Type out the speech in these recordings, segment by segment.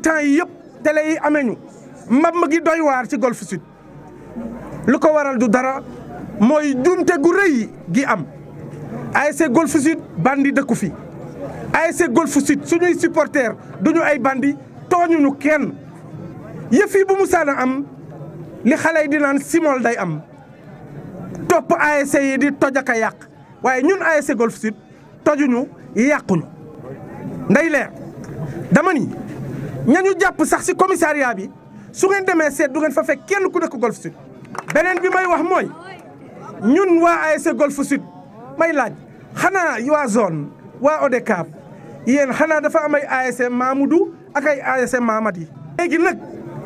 temps yi yëpp télé yi amee ñu mbamb gi doy waar ci golfe sud lu ko waral du dara mooy juumte gu rëy gi am ASC golfe sud bandi dëkku fi ASC golfe sud suñuy supporter duñu ay bandi tooñuñu kenn yëf yi bu mu saana am li xale yi di naan simol day am topp ASC yi di toj ak a yàq waaye ñun ASC golfe sud tojuñu yàquñu nday leer dama ni ñañu jàpp sax si commissariat bi su ngeen demee seet du ngeen fa fekk kenn ku nekk Golf Sud beneen bi may wax mooy ñun waa ASC Golf Sud may laaj xanaa waa zone waa ODCAV yéen xanaa dafa am ay ASC Mamoudou ak ay ASC yi léegi nag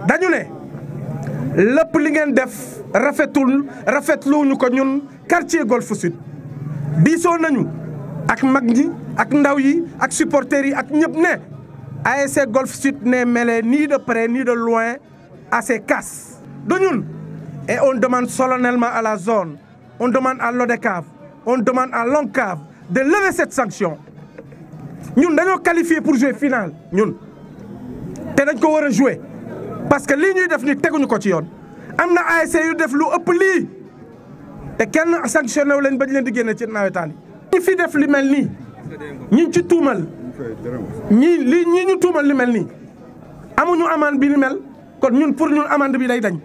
dañu ne lépp li ngeen def rafetul rafetluñu ko ñun quartier Golf bii soo nañu ak mag ñi ak ndaw yi ak supporters yi ak ñëpp ne ASC Golf Sud n'est mêlé nii de près nii de loin à ces casses de ñun et on demande solennellement à la zone on demande à l'ODECAV on demande à l'ONCAV de lever cette sanction ñun dañoo qualifié pour jouer finale ñun te dañ ko war a jouer parce que lii ñuy def ni teguñu ko ci yoon am na ASC yu def lu ëpp lii te kenn sanctionné wu leen ba ñu leen di génne ci nawetaan yi ñi fi def li mel ni ñi ci tuumal ñii li ñii ñu tuumal li mel nii amuñu amande bi li mel kon ñun pour ñun amande bi day dañ